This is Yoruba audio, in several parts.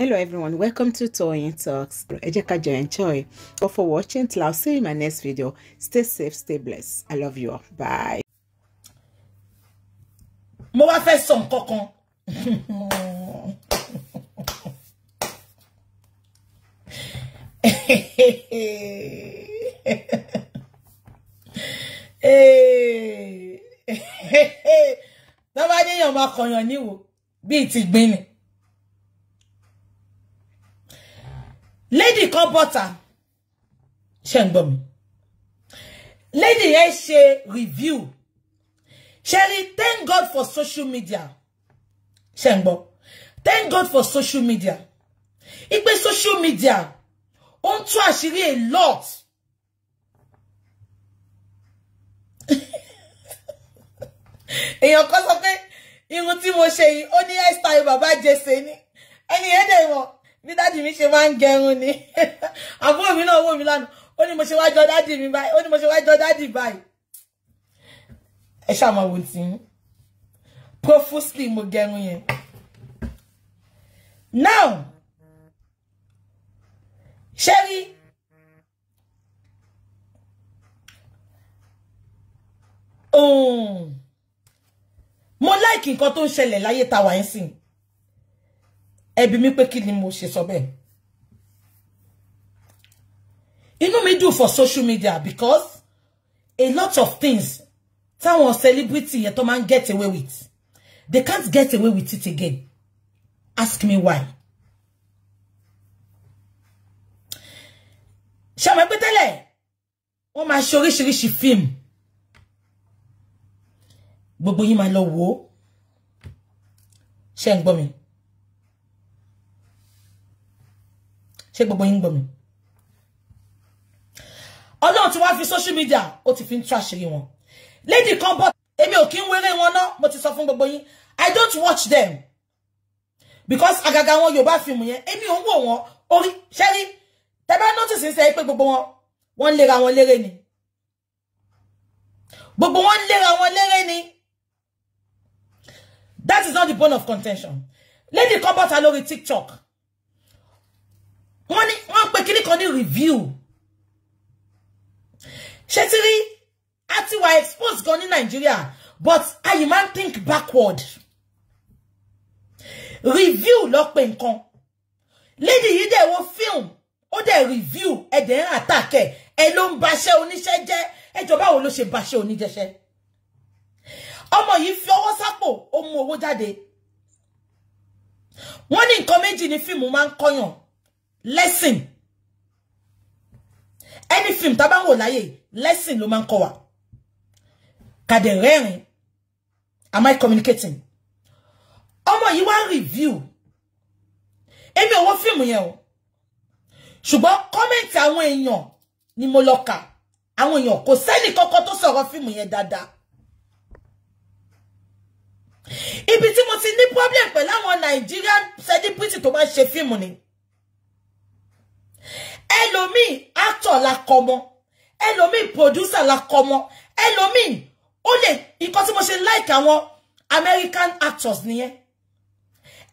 Hello everyone, welcome to Toyeen Talks. Ẹ jẹ́ ká enjoy. But for watching till I'll see you in my next video. Stay safe, stay blessed. I love you all. Bye. Mo wa fe wá fẹ́ sọ nǹkan kan. Tọ́ba ní èèyàn máa kọ̀yàn níwò bíi ti gbin ni. lady kan bọ́ta ṣe ń gbọ́ mi lady yẹn ṣe review ṣe rí thank God for social media ṣe ń gbọ́ thank God for social media ipe social media ó ń tú àṣírí a lot. èèyàn kan sọ pé irun tí mo ṣe yìí ó ní hairstyle bàbá jẹ ṣe ẹni yẹn dẹ̀ bí dáàdì mi ṣe máa ń gẹrun ni àbúrò mi náà wò mí lánàá ó ní mo ṣe wá jọ dáàdì mi báyìí ó ní mo ṣe wá jọ dáàdì báyìí ẹ ṣáà máa wò tí profusely mo gẹrun yẹn now ṣé rí mo like nǹkan tó ń ṣẹlẹ̀ láyé tá wà ẹ bi mí pé kí ni mo ṣe sọ bẹ́ẹ̀ inú mi dùn for social media because a lot of things táwọn celebrity yẹn tó máa get away with they can't get away with it again ask me why. ṣọmọ pé tẹ́lẹ̀ wọ́n máa ṣe oríṣiríṣi fíìmù gbogbo yín máa lọ wò ó ṣe ń gbọ́ mi. ṣé gbogbo yín gbọ́ mi ọlọ́run ti wá fi social media ó ti fi ń tú wọn lady kan bọ́ èmi ò kí ń wéré wọn ná mo ti sọ fún gbogbo yín i don't watch them because àgàgà wọn yorùbá film yẹn èmi o ń wò wọn orí ṣẹ́rí tẹ́bá notice ń sẹ́ pé gbogbo wọn wọ́n ń lera wọn léré ni gbogbo wọn ń lera wọn léré ni that is not the point of contention lady kan bọ́ta lórí tiktok wọ́n ní wọ́n pè kíní kan review ṣé I rí a wà exposed Goni Nigeria, but I'm ń think backward review lọ pé nǹkan lady you dẹ̀ wo film ó dẹ̀ review ẹ̀ dẹ̀ ń àtàkẹ́ ẹ ló ń baṣẹ́ oníṣẹ́ jẹ́ ẹjọ́ báwo ló ṣe baṣẹ́ oníjẹṣẹ́ ọmọ yìí fi ọwọ́ sápò ó mú owó jáde wọ́n ní nǹkan méjì ní fíìmù máa ń kọ́yàn lesson any film tá a bá lesson ló máa kàdé rẹ́rìn am I communicating ọmọ you want review èmi ò wo fíìmù yẹn owo wo kọ́mẹ̀ntì àwọn èèyàn ni mo kà àwọn èèyàn kò ni kọ́kọ́ tó sọ̀rọ̀ fíìmù yẹn dáadáa ibi tí mo ti ní problem pẹ̀lú àwọn Nigerian celebrity tó máa ṣe ni. Elomi actor la komo. Elomi producer la komo. Elomi only, o le nnkan ti mo se like àwọn American actors nìyẹn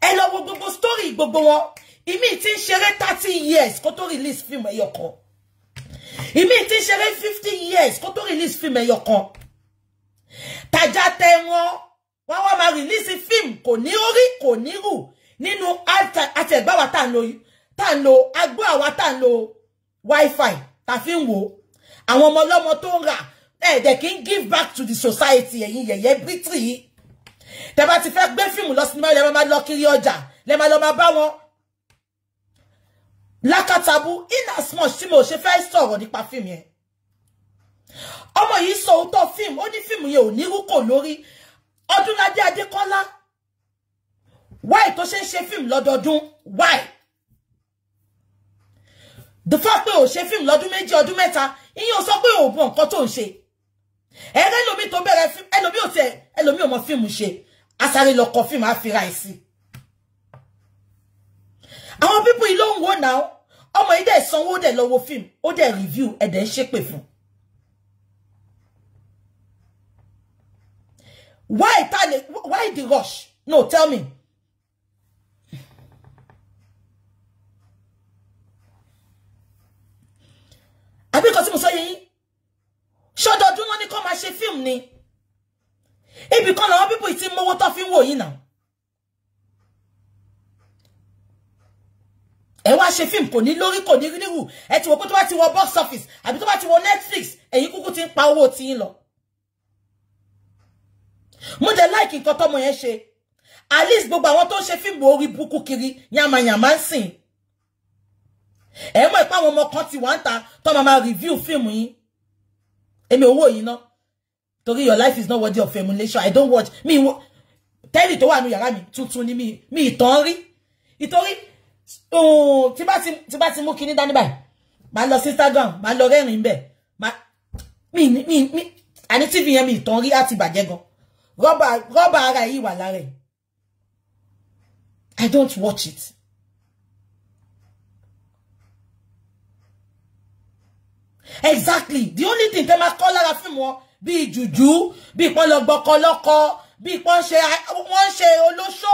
ẹ lọ gbogbo story gbogbo wọn ìmí tí ṣeré thirty years kó tó release film yoko. kan ìmí tí ń ṣeré fifty years kó tó release film yoko. tàjà tẹ wọn wọn wá release film kò ní orí kò ní rù nínú àtẹgbáwá tá à ń tá ń lo agbó àwa tá ń lo wifi tá fi ń wò àwọn ọmọ ọlọ́mọ tó ń rà ẹ̀ẹ́dẹ̀ kì í give back to the society ẹ̀yin yẹ̀yẹ́ bítì yìí tẹ́ bá ti fẹ́ gbé fíìmù lọ sinimá lẹ́ máa lọ kiri ọjà lẹ́ máa lọ máa bá wọn lákàtàbù in as much tí mo ṣe fẹ́ sọ̀rọ̀ nípa fíìmù yẹn ọmọ yìí sọ òótọ́ fíìmù ó ní fíìmù yẹn ò ní rúkò lórí Ọdúnládé Adékọ́lá why tó ṣe ń ṣe fíìmù lọ́dọọdún why the fact pé ò ṣe fíìmù lọ́dún méjì ọdún mẹ́ta ìyẹn ò sọ pé ò mọ nǹkan tó ń ṣe ẹ̀rẹ́ ẹlòmí tó bẹ̀rẹ̀ fíìmù ẹlòmí ò tẹ ẹlòmí ò mọ fíìmù ṣe asáré lọkọ fíìmù àfihàn àìsí. àwọn pípù yìí ló ń wò náà ọmọ yìí dẹ̀ sanwó dẹ̀ lọ wo fíìmù ó dẹ̀ lo film. ẹ̀dẹ̀ ń ṣépè fún. why the rush no tell me àbí nǹkan tí mo sọ yẹ yín ṣọdọọdún wọn ní kó máa ṣe fíìmù ni ibì kan làwọn bíbù tí mówó tó fi ń wò yín náà ẹ wá ṣe fíìmù kò ní lórí kò ní níwù ẹ ti wò pé tó bá ti wọ box office àbí tó bá ti wọ Netflix ẹ̀yin kúkú ti ń pa owó tí ń lọ mo dẹ̀ láìkì nǹkan tọ́mọ yẹn ṣe at least gbogbo àwọn tó ń ṣe fíìmù orí burúkú kiri yamayama ń sìn. ẹ mọ̀ pé àwọn ọmọ kan ti wà ń ta tó máa máa review fíìmù yín èmi owó yìí ná torí your life is not worthy of emulation i don't watch mi tẹ́lì tó wà ní yàrá mi tuntun ni mi mi ìtàn rí ìtorí oh, tí bá ti mú kinní dání báyìí màá lọ instagram màá lọ rẹ́rìn-ín bẹ́ẹ̀ mi mi mi àní tv yẹn mi ìtàn rí àti bàjẹ́ gan rọ́bà rọ́bà ara yìí wà lára ẹ̀ i don't watch it. exactly the only thing tẹ́ máa kọ́ lára fíìmù wọn bíi jùjú bíi pọ́nlọ́gbọ́kọ lọ́kọ bíi pọ́n ṣe wọ́n ṣe olóṣó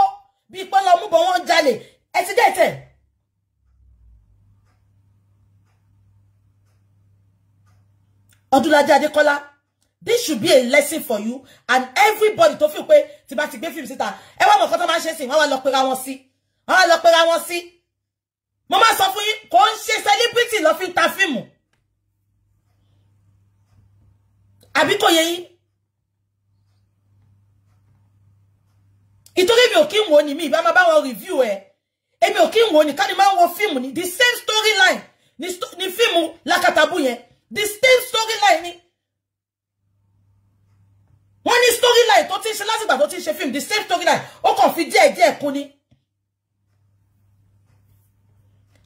bíi pọ́n lọ múbọ̀ wọ́n jalè ẹ ti dẹ́tẹ̀. Ọdúnládé this should be a lesson for you and everybody tó fi pé tí bá ti gbé fíìmù síta ẹ wá mọ̀ kọ́ tó máa ń ṣe sìn wọ́n wá lọ pera wọn sí wọ́n wá lọ pera wọn sí mo máa sọ fún yín kò ń ṣe celebrity lọ fi ta fíìmù àbí kò yẹ yín ìtorí mi ò kí ni mi ba máa bá wọn review ẹ èmi ò kí ń wo ni ká ni máa wo fíìmù ni the same storyline ni, ni fíìmù Lakatabu ye. the same storyline ni wọ́n storyline tó ti ń ṣe láti ìgbà tó ti ṣe fíìmù the same storyline ó kàn fi díẹ̀ díẹ̀ kún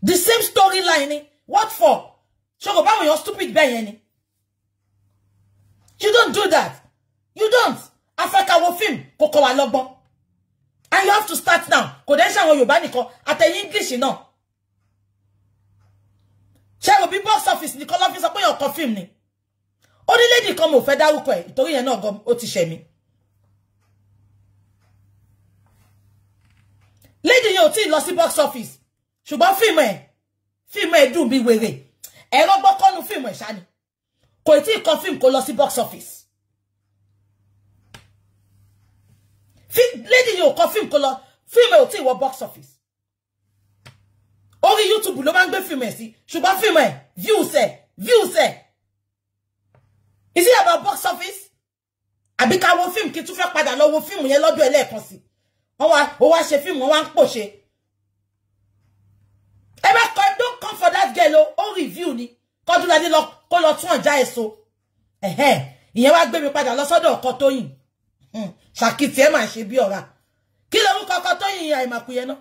the same storyline ni what for ṣòro báwọn èèyàn stupid bẹ́ẹ̀ yẹn ni. You don't do that. You don't. Africa will film koko wa lọ́gbọ́n. And you have to start now. Kò dẹ́ ṣe ko Yorùbá nìkan English you know. o bí box office nìkan lọ́ fi sọ pé yàn kan ni? orile lady kan o fẹ́ dárúkọ ẹ̀ ìtorí yẹn náà gan ó ti Lady yẹn tí ì box office ṣùgbọ́n fíìmù ẹ̀ fíìmù ẹ̀ dùn bí wèrè ẹ̀rọ gbọ́kọ́nu fíìmù kò tí ì kan fíìmù lọ sí box office lady yìí ò kan fíìmù kó lọ fíìmù ẹ̀ ò tí ì wọ box office orí youtube ló máa ń gbé fíìmù ẹ̀ sí ṣùgbọ́n fíìmù ẹ̀ views ẹ̀ views ẹ̀ is it about box office àbí ká wo fíìmù kí tún fẹ́ padà lọ wo film yẹn lọ́dún ẹlẹ́ẹ̀kan sí wọ́n wá ó wá ṣe fíìmù wọ́n wá ń pòṣe ẹ bá kọ don't come for that girl o ó review ni kọdúnladé lọ kó lọ tún ọ̀já èso ẹ̀hẹ́n ìyẹn wá gbé mi padà lọ sọ́dọ̀ ọkọ Tóyìn hmm, ṣàkìtì ẹ̀ máa ṣe bí ọ̀ra kí lorúkọ ọkọ Tóyìn àìmàkù yẹn náà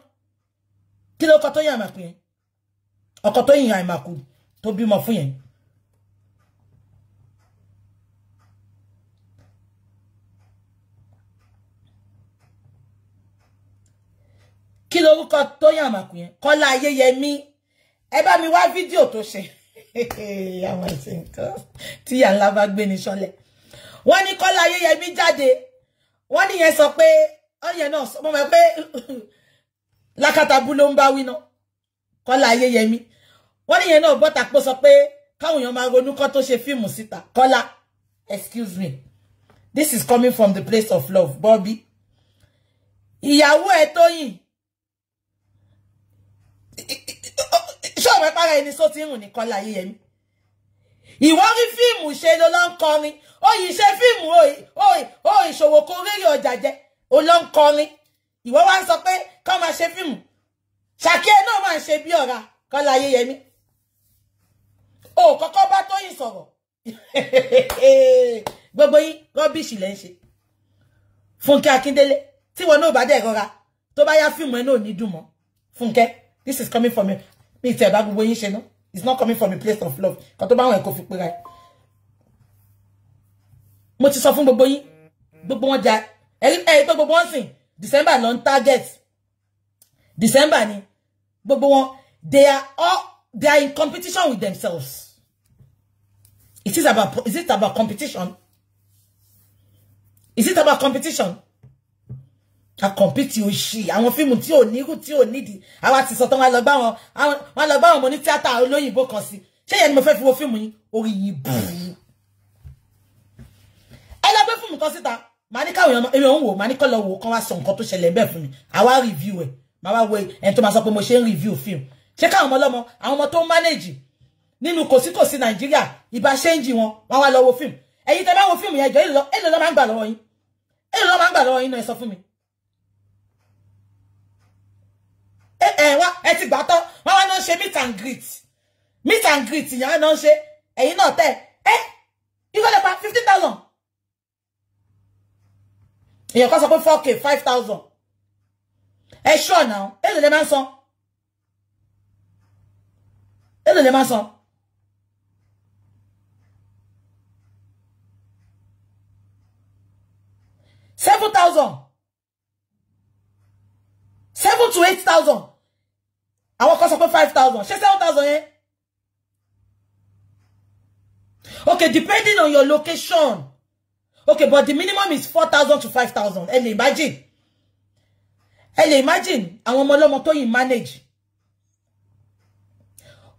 kí lorúkọ Tóyìn àìmàkù yẹn ọkọ Tóyìn àìmàkù tó bímọ fún yẹn. kí lorúkọ Tóyìn àìmàkù yẹn Kọ́lá yemi. ẹ bá mi wá fídíò tó ṣe. Hey, I'm àwọn ẹ̀sìn nǹkan tí ìyá ńlá bá gbé ní sọ́lẹ̀ wọ́n ní Kọ́lá Ayéyẹmí jáde wọ́n níyẹn sọ pé ọ̀yẹ̀ náà sọ mọ́ pé lákàtàbú ló ń bá wí náà Kọ́lá Ayéyẹmí wọ́n níyẹn náà bọ́ta pé sọ pé káwọn èèyàn máa ronú kán tó ṣe fíìmù síta Kọ́lá excuse me this is coming from the place of love Bobby ìyàwó ẹ̀ Tóyìn ọ̀rọ̀ para ẹni só ti ń rùn ní Kọ́lá Ayéyẹmí ìwọ rí fíìmù ṣe ló lọ ń kọrin ó yìí ṣe fíìmù ó ìṣòwò kó rírì ọjà jẹ ó lọ ń kọrin ìwọ wá ń sọ pé kọ́ máa ṣe fíìmù ṣàkíyẹ náà máa ń ṣe bí ọ̀ra Kọ́lá Ayéyẹmí ó kọ́kọ́ bá Tóyìn sọ̀rọ̀ gbogbo yín rọ́bìṣì lẹ́ ń ṣe Fúnkẹ́ Akíndélé tí wọn náà bá dẹ̀ rọra tó bá yá fíìmù ẹ náà ní dùn mọ́ Fúnkẹ́ this is coming from you mi ti ẹ̀bá gbogbo yín ṣe it's not coming from a place of love kan tó bá wọn ẹ̀ kó fi pera ẹ̀ mo ti sọ fún gbogbo yín gbogbo wọn jà ẹ̀rí ẹ̀rí pé gbogbo wọn sìn December non ń target December ni gbogbo wọn they are all they are in competition with themselves it is about is it about competition is it about competition a compete with she. I want film with you. Need o Need it. I want to wá lọ won I want mọ ní tíátà olóyìnbó kan sí ṣé yẹn ni mo fẹ́ fi wo film with orí yìí you. I ẹ lọ gbé fíìmù kan síta màá ní káwọn èèyàn èmi òun wò màá ní kọ́ lọ wò kán wá sọ nǹkan tó ṣẹlẹ̀ bẹ́ẹ̀ fún mi àwa review ẹ̀ màá wá wo ẹni tó máa sọ pé mo ṣe ń review fíìmù ṣé káwọn ọmọ lọ́mọ àwọn ọmọ tó ń manage nínú kòsíkòsí nàìjíríà ìbá ṣéǹjì wọn wọn wá lọ wo fíìmù ẹ̀yin tẹ́ bá wo fíìmù yẹn jọ èlò lọ máa ń gbà lọ́wọ́ yín èlò lọ máa ń gbà lọ́wọ́ yín náà ẹ sọ fún mi review e maa wa And eni to maa so pe mo se n review fiimu se kawon omo lomo awon omo to manage ninu kosikosi naijiria iba senji won won wa lo wo fiimu eyin te ba wo fiimu yen jo elo lo maa n gba lowo yin elo lo maa n gba lowo yin naa so fun mi ẹ eh, ẹ eh, wá ẹ ti gbà tán wọn wá náà ṣe meet and greet meet and greet ìyá náà ṣe ẹ̀yin náà tẹ̀ ẹ eh, ìkọlẹ̀ pa fifteen thousand èèyàn kan sọ pé four k five thousand sure now. náà èlò lè máa ń san èlò lè máa ń san. seven thousand seven to eight thousand I want cost pé five thousand seven eh? okay depending on your location okay but the minimum is four thousand to five imagine. ẹ lè imagine ẹ lè imagine àwọn ọmọ tó manage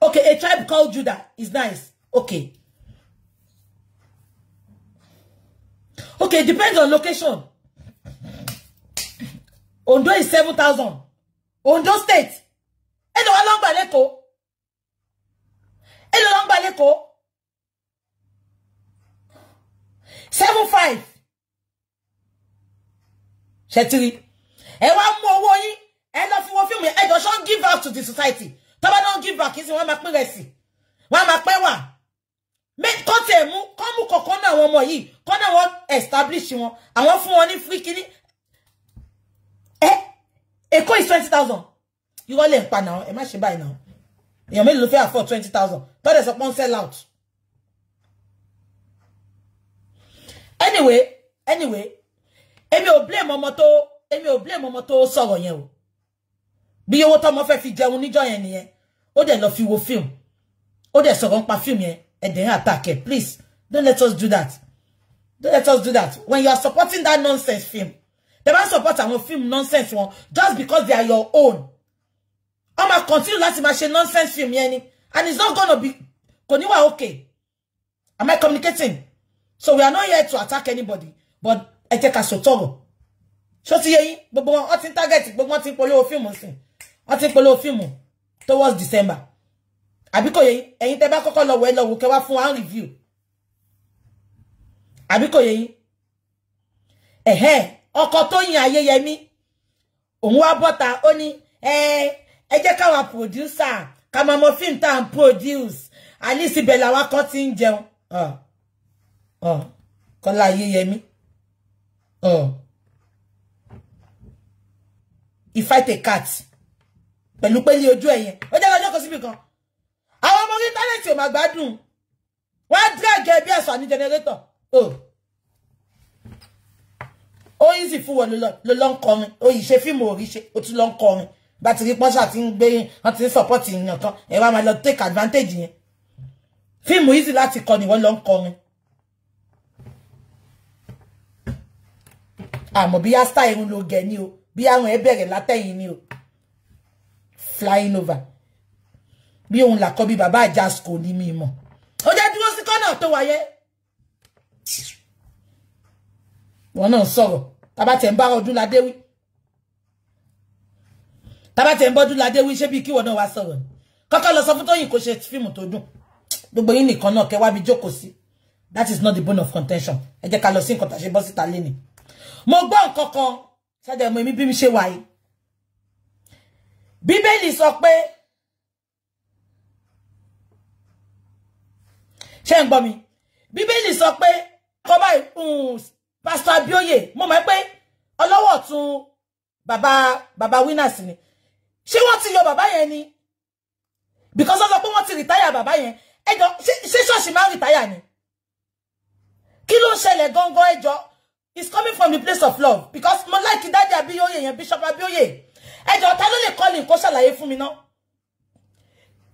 okay a tribe called Judah is nice okay okay depends on location Ondo is seven thousand Ondo state èlò wa ló ń gbà lẹ́kọ̀ọ́ èlò ló ń gbà seven five ṣètìrì ẹ wá mú owó yín ẹ lọ fi wo fíìmù yẹn ẹ jọ ṣọ́ give back to the society tó bá don give back kì í sìn wọ́n máa pín rẹ̀ sí wọ́n máa pẹ́ wà kọ́ tẹ̀ mú kọ́ mú kọ̀ọ̀kan náà àwọn ọmọ yìí kọ́ náà wọ́n establish wọn àwọn fún wọn ní free kínní Eh? Èkó is twenty thousand you lè ń pa náà ẹ má ṣe báyìí náà èèyàn mélòó ló fẹ́ twenty thousand tọ́lẹ̀ sọ pé wọ́n sell out. anyway anyway èmi ò blame ọmọ tó èmi ò blame ọmọ tó sọ̀rọ̀ yẹn o bí owó tọmọ fẹ́ fi jẹun níjọ́ yẹn nìyẹn ó dẹ̀ lọ fi wo film ó dẹ̀ sọ̀rọ̀ nípa perfume yẹn ẹ̀dẹ̀ yẹn attack it. please don't let us do that don't let us do that when you are supporting that nonsense film they ma support our film nonsense one just because they are your own I'ma continue láti my ṣe nonsense film yẹn and it's not gonna be kò ní wà okay am I communicating so we are not here to attack anybody but I take ká sòtọ́rọ̀ ṣó ti yẹ yín gbogbo wọn wọ́n ti ń target gbogbo wọn ti ń polówó fíìmù sí wọ́n ti ń polówó fíìmù towards December Abiko kò yẹ yín ẹ̀yin tẹ́ bá kọ́kọ́ lọ wọ ẹ lọ fún wa review Abiko yẹ yín ẹ̀hẹ́ ọkọ tó eh. Ayéyẹmí òun wá bọ́ta ó ní ẹ jẹ́ káwa producer ká máa mọ fíìmù tá à ń produce alice ibẹ̀ làwa kan ti ń jẹun Oh, ayéyẹmí ìfight a cat pẹ̀lú pé ní ojú ẹ̀yẹn ó jẹ́ lọ́jọ́ kan síbi kan àwọn ọmọ orí tálẹ̀tì ò máa gbádùn wọ́n á dírẹ́gì ẹbí ẹ̀sọ́ àní jẹnẹrétọ̀ ó yí sì Oh, wọn ló lọ ń kọrin ó yìí ṣe fíìmù òrí ṣe ó tún lọ ń kọrin bá ti rí pọ́ṣà tí ń gbé wọn ti ń sọ́pọ́tì èèyàn kan ẹ wá máa lọ take advantage yẹn you. easy láti kọ ni wọ́n lọ ń kọrin. àmọ́ bí yásítà irun ló get new, be bí àrùn ẹ bẹ̀rẹ̀ látẹ̀yìn ni o flying over Be on làkọ́ bí bàbá just ní me. mọ̀ ó jẹ́ dúró sí kọ́nà tó wáyé wọn náà sọ̀rọ̀ tá bá tẹ̀ ń Do ọdún ládé wí tábà tẹ̀ ń bọ́dú ládé wí ṣé bí kíwọ náà wá sọ̀rọ̀ ni kọ́kọ́ lọ sọ fún Tóyìn kó ṣe fíìmù gbogbo yín nìkan náà kẹ́ wá bí jókòó sí that is not the bone of contention ẹ jẹ́ ká lọ sí nǹkan tàṣe bọ́ síta léni mo gbọ́ nǹkan kan ṣáàjà mo èmi bí mi ṣe wà yìí bíbélì sọ pé ṣé ń gbọ́ mi bíbélì sọ pé kọ́ báyìí um, pásítọ̀ Abíóyè mo mọ̀ pé ọlọ́wọ́ tún bàbá bàbá winners ni She wants ti bàbá yẹn because as a woman wọ́n ti rìtáyà bàbá yẹn ẹjọ́ ṣé she máa ń rìtáyà ni kí ló ń ṣẹlẹ̀ gangan ẹjọ́ is coming from the place of love because mo like dájú abíyóye yẹn bishop abíyóye ẹjọ́ ta ló lè kọ́ lè kó ṣàlàyé fún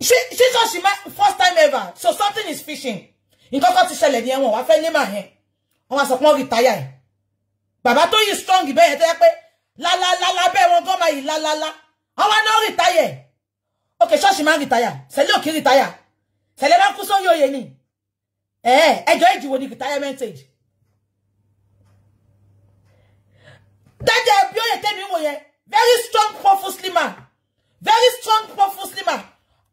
She she ṣé she might first time ever so something is fishing nǹkan kan ti ṣẹlẹ̀ ní ẹ̀wọ̀n wá fẹ́ ní màá yẹn wọ́n wá sọ pé yẹn bàbá tó yìí strong bẹ́ẹ̀ yẹn la la la. lálálálá bẹ́ẹ̀ wọn gan máa yìí lálálá. I know ọwọ́ náà rìtáyà òkè retire. máa ń rìtáyà retire. òkè rìtáyà sẹ́lẹ̀ bá kú sórí oyè ni ẹjọ́ eh, èjì wo ni retirement age dájẹ́ bí ó yẹ your ten yẹn very strong powerful slimmer very strong powerful slimmer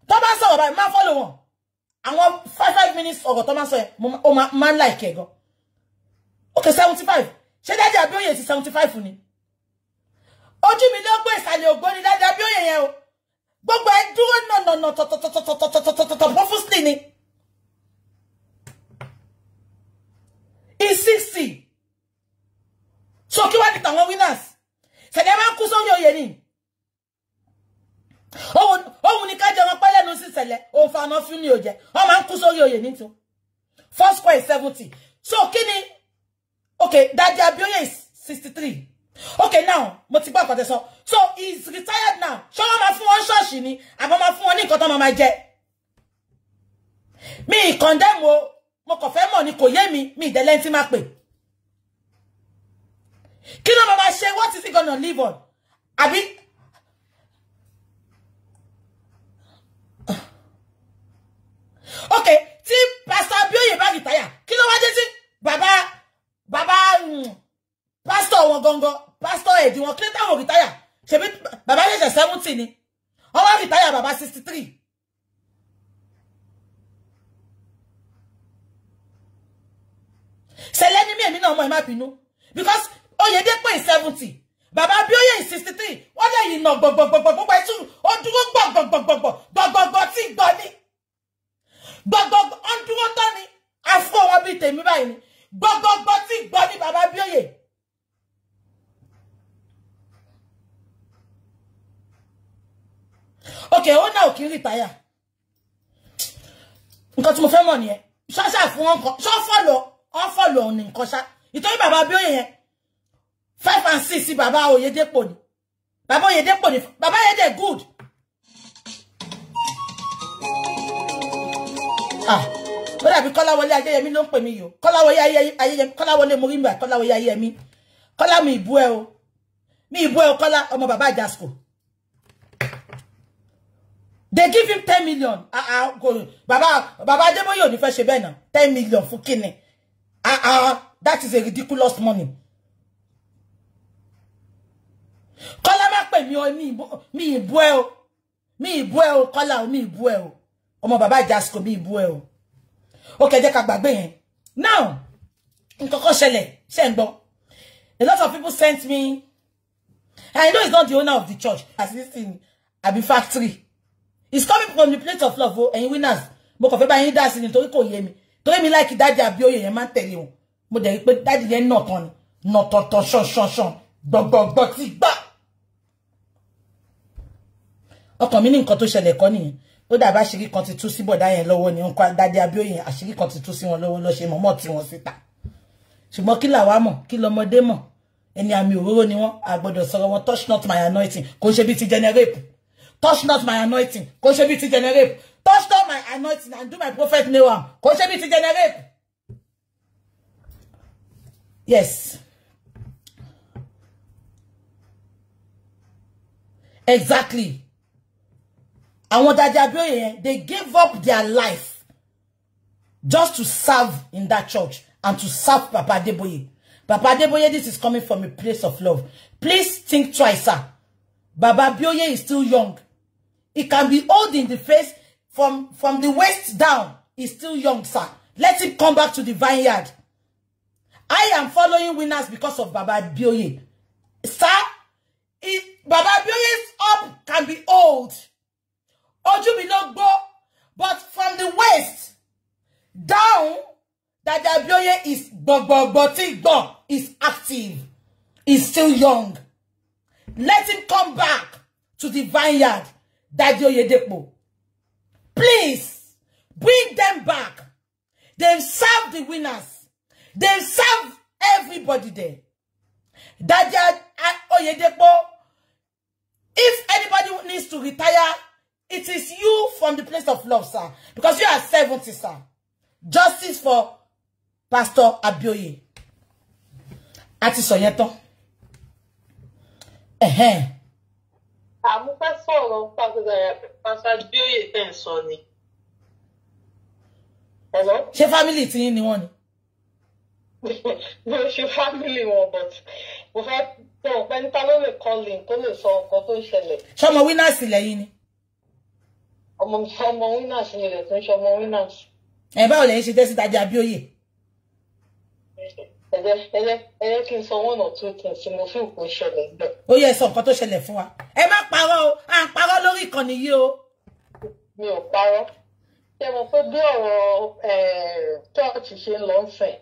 tó bá sọ̀rọ̀ báyìí máa fọ́lọ̀ wọn àwọn five five minutes ọ̀rọ̀ tó oh man like ó okay seventy five ṣé dájẹ́ bí ó yẹ seventy five for ni ojú mi ló gbé ìsàlẹ̀ ògbóni dáadáa bí òye yẹn o gbogbo ẹ dúró no, no, no, ni in sixty so kí wàá di tàwọn winners sẹ̀dẹ̀ máa ń kú sórí òye ni òun ni kájọ wọn pẹ́ lẹ́nu sí sẹ̀lẹ̀ òun fa ọmọ fún ní òjẹ́ wọn máa ń kú sórí òye ní tó four square is seventy so kí ni okay Daddy Abioye is sixty three. okay now mo ti gbọ́ nǹkan tẹ́ sọ so he's retired now ṣé wọ́n máa fún wọn ṣọ́ọ̀ṣì ni àbọ̀ máa fún wọn ní nǹkan tó máa jẹ mi condemn o mo kàn fẹ́ mọ̀ ni kò yé mi mi ìdẹ́lẹ́ tí máa pè kí ló máa what is he gonna live on àbí. okay tí Pastor Abíóyè bá rìtáyà kí ló wá dé sí Baba, bàbá. Mm, Pastor wọn gangan pásítọ̀ èdè wọn kílẹ̀ retire. She be bàbá ṣẹ̀ṣẹ̀ seventy ni ọwọ́ rìtáyà bàbá sixty three. ṣẹlẹ̀ ní mímí náà ọmọ ẹ̀ má bínú because Oyèdépè seventy bàbá Abíóyè sixty three wọ́n lè yìn nà gbọ̀gbọ̀gbọ̀gbọ̀ gbogbo ẹ̀tú ó dúró gbọ̀gbọ̀gbọ̀gbọ̀ gbọ̀gbọ̀gbọ̀ tí gbọ̀ ni gbọ̀gbọ̀gbọ̀ oyedepe 70 baba is 63 What are you won dúró tán ni afọ́ wọn bíi tèmi báyìí ni gbọ̀gbọ̀gbọ̀ tí gbọ̀ ni bàbá Abíóyè. okay ó náà can í rìtáyà nǹkan tí mo fẹ́ So nìyẹn ṣáṣà fún wọn kan ṣọ́ fọ́lọ̀ ọ́ fọ́lọ̀ òun ní nǹkan ṣá ìtọ́jú bàbá Abíóyè yẹn five and six bàbá Oyèdépò ni nnkan sa itoju baba abioye here. 5 and 6 baba oh, you're dead body. baba you're dead body. baba you're dead. good ah ó dàbí Kọ́láwọlé Ajéyẹmí ló ń pè mí yìí I be call Call Me you. o Kọ́láwọlé Ajéyẹmí Kọ́láwọlé Morimba Kọ́láwọlé Ajéyẹmí Kọ́lá mi Call o kolawole ajeyemi kolawole morimba Call ajeyemi kola mi Me eo ẹ o Kọ́lá ọmọ bàbá Àjàsíkò they give him 10 million. Ah, ah, go. Baba, Baba Adeboye ò ní fẹ́ ṣe 10 million fún kíni. Ah, ah, that is a ridiculous money. Kọ́lá má pè mí o mi mi ìbú ẹ o. Mi ìbú ẹ o Kọ́lá o mi ìbú ẹ o. Ọmọ bàbá Jasco mi ìbú ẹ o. Okay, jẹ́ ká gbàgbé yẹn. Now, nǹkan kan ṣẹlẹ̀, ṣé ń A lot of people sent me. I know it's not the owner of the church. As this thing, I be factory. It's coming from the place of love oh, and winners mo kàn fẹ́ bá yín dá sí ni torí kò yé mi torí mi like daddy Abioye yẹn máa ń tẹ̀lé wọn mo dẹ̀ rí pé daddy yẹn nà tán ni nà tọ̀tọ̀ ṣan ṣan ṣan gbọ̀ngbọ̀ngbọ̀ ti gbà. ọkàn mi ní nǹkan tó ṣẹlẹ̀ kọ́ nìyẹn ó dàbí àṣírí kan ti tú sí bọ̀dá yẹn lọ́wọ́ ni nǹkan daddy Abioye yẹn àṣírí kan ti tú sí wọn lọ́wọ́ lọ́ ṣe mọ̀mọ́ tí wọ́n síta ṣùgbọ́n kí làwa mọ̀ kí lọmọdé mọ̀ ẹni àmì òróró ni wọ́n àgbọ̀dọ̀ sọ̀rọ̀ wọn touch not my anointing kò ń ṣe bí ti generate touch not my anointing kò ṣe generate touch not my anointing and do my prophet no harm kò ṣe bí ti generate yes exactly àwọn dájà abioye yẹn they gave up their life just to serve in that church and to serve Papa Deboye. Baba Deboye, this is coming from a place of love. Please think twice, sir. Baba Bioye is still young. He can be old in the face from, from the waist down. He's still young, sir. Let him come back to the vineyard. I am following winners because of Baba Bioye. Sir, if Baba Bioye's up can be old. go. but from the waist down, that Abioye is is active, is still young. Let him come back to the vineyard. Daddy Oyedepo. Please, bring them back. they serve the winners. they serve everybody there. Daddy Oyedepo, if anybody needs to retire, it is you from the place of love, sir. Because you are 70, sir. Justice for Pastor Abioye. Àti Soyeto. Eh tán. a àmú fẹ́ sọ̀rọ̀ pàṣẹbíòye tẹ̀ ń sọ ni. ṣé fámìlì tí yín ni wọ́n ni. mi ò ṣe fámìlì wọn but mo fẹ́ pé ọ̀pẹ́ níta ló lè kọ́ link tó lè sọ nǹkan tó ń ṣẹlẹ̀. ṣọmọ winners lẹ́yìn ni. ọmọ winners ni ilẹ̀ tó ń ṣọmọ winners. ẹ báwo lẹ́yìn ṣe dé síta jẹ́ abíóyè ẹ̀jẹ̀ ẹ̀jẹ̀ ẹ̀jẹ̀ kí n sọ one or two things tí mo fi kò ṣẹlẹ̀ bẹ́ẹ̀. ó yẹ sọ nǹkan tó ṣẹlẹ̀ fún wa ẹ má parọ́ o à ń parọ́ lórí ìkànnì yìí o. mi ò parọ́ ṣé mo pé bí ọ̀rọ̀ chọ́ọ̀chì ṣe ń lọ ń sìn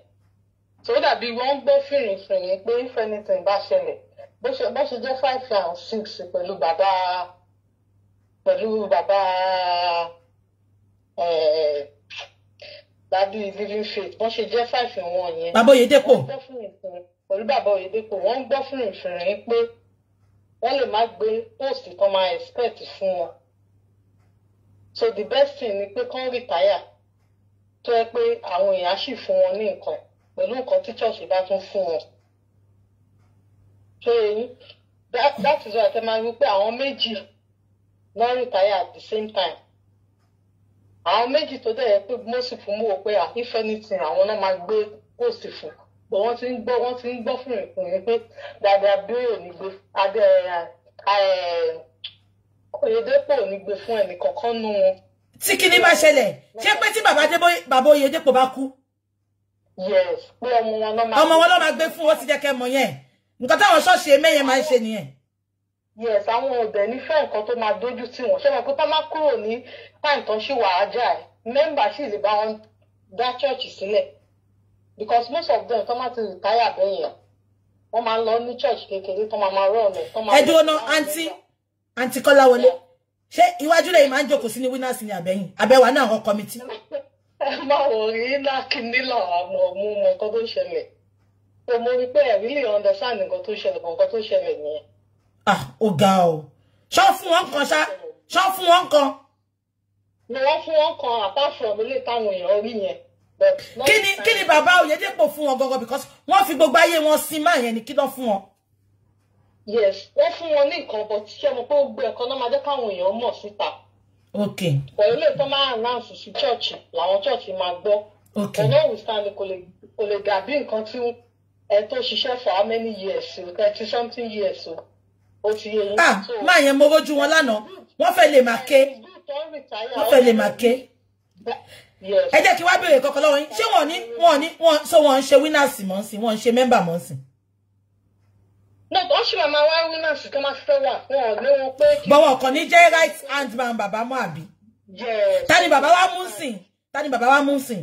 tó dàbí wọ́n ń gbọ́ fìrìfìrì pé if anything bá ṣẹlẹ̀ bó ṣe jẹ́ five and six pẹ̀lú bàbá pẹ̀lú bàbá gbádùn ìdílé faith wọ́n ṣe jẹ́ fàìfì wọn yẹn. bàbá oyedepo. pẹ̀lú bàbá oyedepo wọ́n ń gbọ́ fún ìfìrìn pé wọ́n lè má gbé post kan máa expect fún wọn. so the best thing ni pé kán retire tó yẹ pé àwọn èèyàn á sì fún wọn ní nǹkan pẹ̀lú nǹkan tí church bá tún fún wọn. so èyí that, that is why àtẹ máa wí pé àwọn méjì wọ́n retire at the same time àwọn méjì tó dẹ̀ yẹ pé mọ́sì fún mú o pé if anything àwọn náà máa gbé gòsì fún but wọ́n ti ń gbọ́ wọ́n ti ń gbọ́ fún ìpínlẹ̀ pé dàda bíyò ní gbé adé Oyèdépò ní gbé fún ẹnì kọ̀ọ̀kan nù wọn. tí kinní bá ṣẹlẹ̀ ṣé pé tí bàbá Oyèdépò bá kú. yes pé ọmọ wọn náà máa. ọmọ wọn náà máa gbé fún ó ti jẹ́ kẹ́ mọ̀ yẹn nǹkan táwọn ṣọ́ọ̀ṣì emẹ́yẹn máa ń ṣe nìyẹn. yes àwọn ọbẹ̀ nífẹ̀ẹ́ nǹkan tó máa dójú tì wọ́n ṣé wọn pé táwọn kúrò ní táì tán ṣì wà á jà ẹ̀ sì lè bá wọn because most of them tó máa ti retire bẹ́ẹ̀ yẹn máa lọ ní church kékeré tó máa máa rọ̀ ọ̀nà tó máa. ẹ dúró ná àǹtí àǹtí Kọ́láwọlé ṣé iwájú lẹ́yìn máa ń jókòó sí ní winners ní náà ẹ má wò rí nílò nǹkan tó ṣẹlẹ̀ ah ó ga o ṣọ́ fún wọn kan ṣá ṣọ́ fún wọn kan. ni wọ́n fún wọn kan apart from ilé táwọn èèyàn rí yẹn. kí ni kí ni bàbá Oyèdèpọ̀ fún wọn gangan because wọ́n fi gbogbo ayé wọn sin máa yẹn ni kí lọ́ fún wọn. yes wọ́n fún wọn ní nǹkan bọ̀ tí ṣé mo pé ó gbé ẹ̀kọ́ náà máa jẹ́ káwọn èèyàn mọ̀ síta. ok. pẹ̀lú ilé tó máa announce sí chọ́ọ̀chì làwọn chọ́ọ̀chì máa gbọ́. ok ọ̀nà òwúsàn kò lè dàbí nǹkan tí ẹ tó ṣiṣẹ́ for how many years o thirty something years o ah máa yẹn mo rójú wọn lánàá wọ́n fẹ́ lè máa ké wọ́n fẹ́ lè máa ké ẹ jẹ́ kí wá béèrè kọ́kọ́ lọ́wọ́ yín ṣé wọ́n ní wọ́n ní wọ́n so wọ́n ń ṣe winners mọ́ sí wọ́n ń ṣe member mọ́ sí. náà tó ṣì máa wá winners tó máa fẹ́ wà fún ọ̀gbẹ́ wọn pé. bọ́wọ̀ kan ní jẹ́ right hand man bàbá mọ́ àbí. ta ni bàbá wa mú sìn ta bàbá wa mú sìn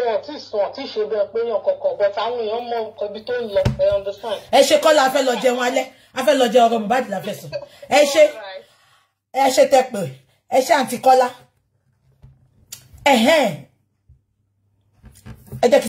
lọ́wọ́ tí sùn àti ṣe bẹ́ẹ̀ pé yàn kọ̀ọ̀kan but àwọn èèyàn mọ nǹkan ibi tó ń lọ ẹ understand. ẹ ṣe kọ́ la fẹ́ lọ jẹun alẹ́ a fẹ́ lọ jẹ ọ̀rọ̀ Mohbad la fẹ́ sùn ẹ ṣe ẹ ṣe tẹpẹ ẹ ṣe àǹtí Kọ́lá ẹ̀hẹ́n ẹ jẹ́ kí.